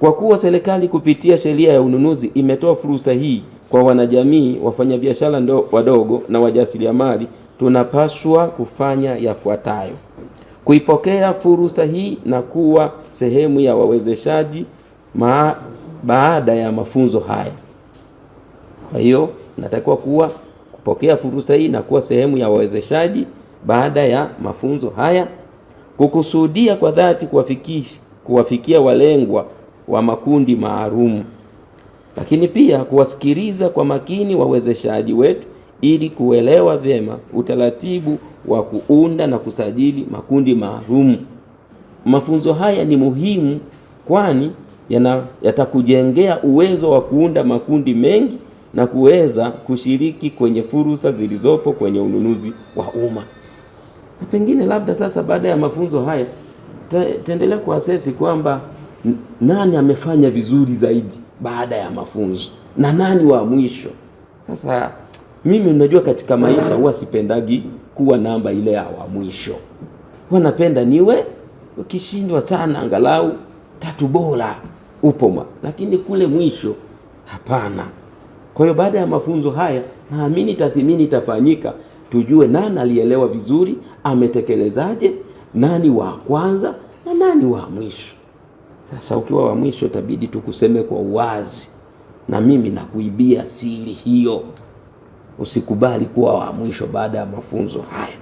Kwa kuwa serikali kupitia sheria ya ununuzi imetoa fursa hii kwa wanajamii, wafanyabiashara wadogo na wajasiriamali, tunapaswa kufanya yafuatayo: kuipokea fursa hii na kuwa sehemu ya wawezeshaji ma baada ya mafunzo haya. Kwa hiyo natakiwa kuwa kupokea fursa hii na kuwa sehemu ya wawezeshaji baada ya mafunzo haya, kukusudia kwa dhati kuwafikia kuwafikia walengwa wa makundi maalum, lakini pia kuwasikiliza kwa makini wawezeshaji wetu ili kuelewa vyema utaratibu wa kuunda na kusajili makundi maalum. Mafunzo haya ni muhimu kwani yatakujengea uwezo wa kuunda makundi mengi na kuweza kushiriki kwenye fursa zilizopo kwenye ununuzi wa umma. Na pengine labda sasa baada ya mafunzo haya taendelea kuasesi kwamba nani amefanya vizuri zaidi baada ya mafunzo na nani wa mwisho. Sasa mimi, unajua, katika maisha huwa sipendagi kuwa namba ile ya wa mwisho, huwa napenda niwe, ukishindwa sana, angalau tatu bora upo, lakini kule mwisho hapana. Kwa hiyo baada ya mafunzo haya, naamini tathmini itafanyika, tujue nani alielewa vizuri, ametekelezaje, nani wa kwanza na nani wa mwisho. Sasa ukiwa wa mwisho, tabidi tukuseme kwa uwazi, na mimi nakuibia siri hiyo. Usikubali kuwa wa mwisho baada ya mafunzo haya.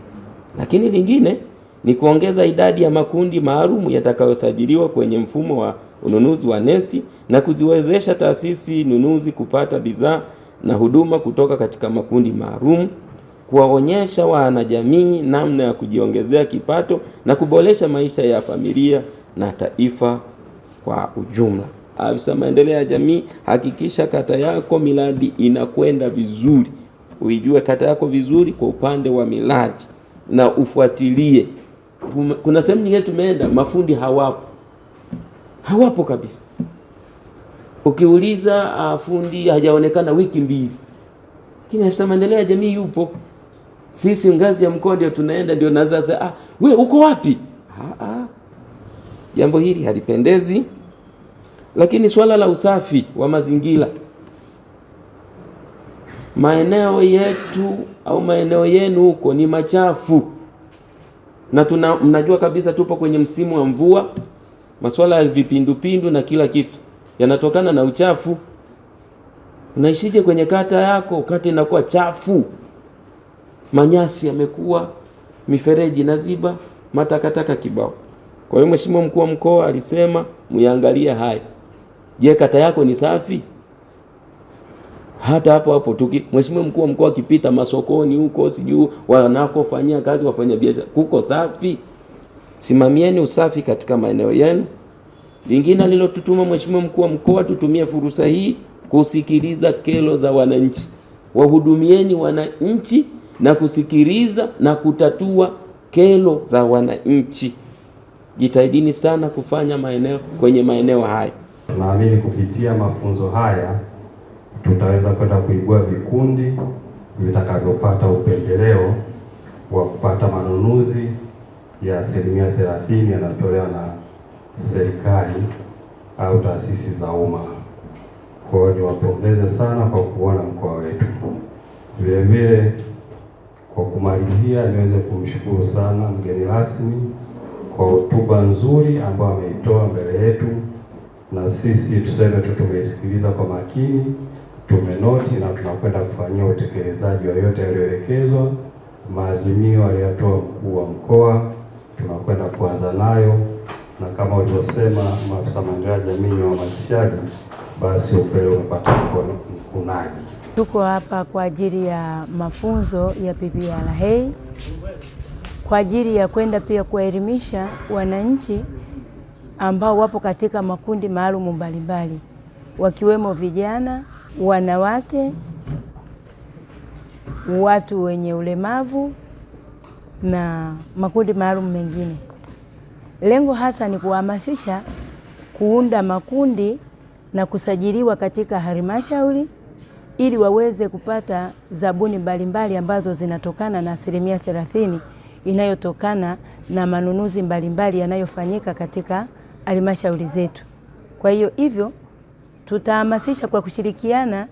Lakini lingine ni kuongeza idadi ya makundi maalum yatakayosajiliwa kwenye mfumo wa ununuzi wa NeST na kuziwezesha taasisi nunuzi kupata bidhaa na huduma kutoka katika makundi maalum, kuwaonyesha wanajamii namna ya kujiongezea kipato na kuboresha maisha ya familia na taifa kwa ujumla. Afisa maendeleo ya jamii, hakikisha kata yako miradi inakwenda vizuri, uijue kata yako vizuri kwa upande wa miradi na ufuatilie. Kuna sehemu nyingine tumeenda, mafundi hawapo, hawapo kabisa. Ukiuliza ah, fundi hajaonekana wiki mbili, lakini afisa maendeleo ya jamii yupo. Sisi ngazi ya mkoa ndio tunaenda, ndio naanza sasa, ah, we uko wapi? ah, ah. Jambo hili halipendezi, lakini swala la usafi wa mazingira maeneo yetu au maeneo yenu huko ni machafu, na tuna mnajua kabisa tupo kwenye msimu wa mvua. Masuala ya vipindupindu na kila kitu yanatokana na uchafu. Unaishije kwenye kata yako? Kata inakuwa chafu, manyasi yamekuwa, mifereji inaziba, matakataka kibao. Kwa hiyo Mheshimiwa mkuu wa mkoa alisema muiangalie haya. Je, kata yako ni safi? Hata hapo hapo tuki Mheshimiwa mkuu wa mkoa akipita masokoni huko sijuu wanakofanyia kazi wafanya biashara kuko safi. Simamieni usafi katika maeneo yenu. Lingine alilotutuma Mheshimiwa mkuu wa mkoa, tutumie fursa hii kusikiliza kelo za wananchi. Wahudumieni wananchi na kusikiliza na kutatua kelo za wananchi jitahidini sana kufanya maeneo kwenye maeneo haya Naamini kupitia mafunzo haya tutaweza kwenda kuibua vikundi vitakavyopata upendeleo wa kupata manunuzi ya asilimia thelathini yanayotolewa na serikali au taasisi za umma. Kwa hiyo niwapongeze sana kwa kuona mkoa wetu. Vilevile, kwa kumalizia, niweze kumshukuru sana mgeni rasmi kwa hotuba nzuri ambayo ameitoa mbele yetu, na sisi tuseme tu tumeisikiliza kwa makini, tumenoti na tunakwenda kufanyia utekelezaji wa yote yaliyoelekezwa, maazimio aliyotoa mkuu wa mkoa tunakwenda kuanza nayo, na kama ulivyosema maafisa maendeleo ya jamii na uhamasishaji, basi upele umepata mkunaji. Tuko hapa kwa ajili ya mafunzo ya PPRA kwa ajili ya kwenda pia kuwaelimisha wananchi ambao wapo katika makundi maalumu mbalimbali wakiwemo vijana, wanawake, watu wenye ulemavu na makundi maalum mengine. Lengo hasa ni kuhamasisha kuunda makundi na kusajiliwa katika halmashauri ili waweze kupata zabuni mbalimbali ambazo zinatokana na asilimia thelathini inayotokana na manunuzi mbalimbali yanayofanyika katika halmashauri zetu. Kwa hiyo hivyo tutahamasisha kwa kushirikiana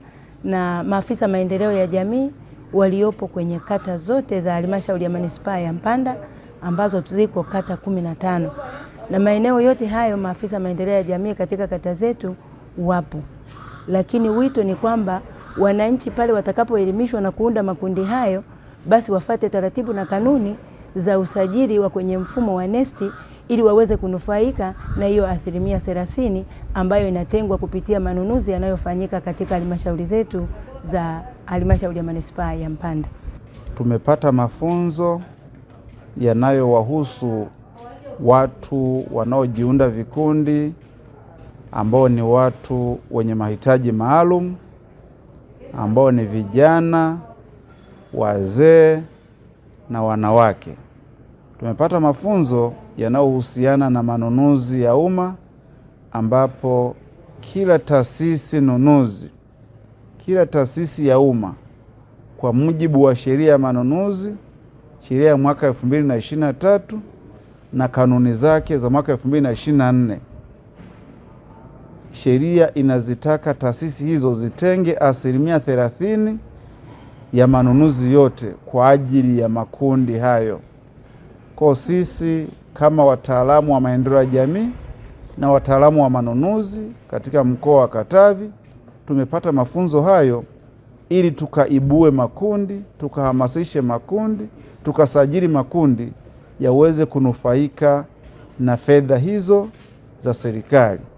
na maafisa maendeleo ya jamii waliopo kwenye kata zote za halmashauri ya manispaa ya Mpanda ambazo ziko kata kumi na tano na maeneo yote hayo maafisa maendeleo ya jamii katika kata zetu wapo, lakini wito ni kwamba wananchi pale watakapoelimishwa na kuunda makundi hayo, basi wafate taratibu na kanuni za usajili wa kwenye mfumo wa nesti ili waweze kunufaika na hiyo asilimia 30 ambayo inatengwa kupitia manunuzi yanayofanyika katika halmashauri zetu za halmashauri ya manispaa ya Mpanda. Tumepata mafunzo yanayowahusu watu wanaojiunda vikundi ambao ni watu wenye mahitaji maalum ambao ni vijana, wazee na wanawake. Tumepata mafunzo yanayohusiana na manunuzi ya umma ambapo kila taasisi nunuzi, kila taasisi ya umma kwa mujibu wa sheria ya manunuzi, sheria ya mwaka elfu mbili na ishirini na tatu na kanuni zake za mwaka elfu mbili na ishirini na nne sheria inazitaka taasisi hizo zitenge asilimia thelathini ya manunuzi yote kwa ajili ya makundi hayo. Kwa sisi kama wataalamu wa maendeleo ya jamii na wataalamu wa manunuzi katika mkoa wa Katavi tumepata mafunzo hayo ili tukaibue makundi, tukahamasishe makundi, tukasajili makundi yaweze kunufaika na fedha hizo za serikali.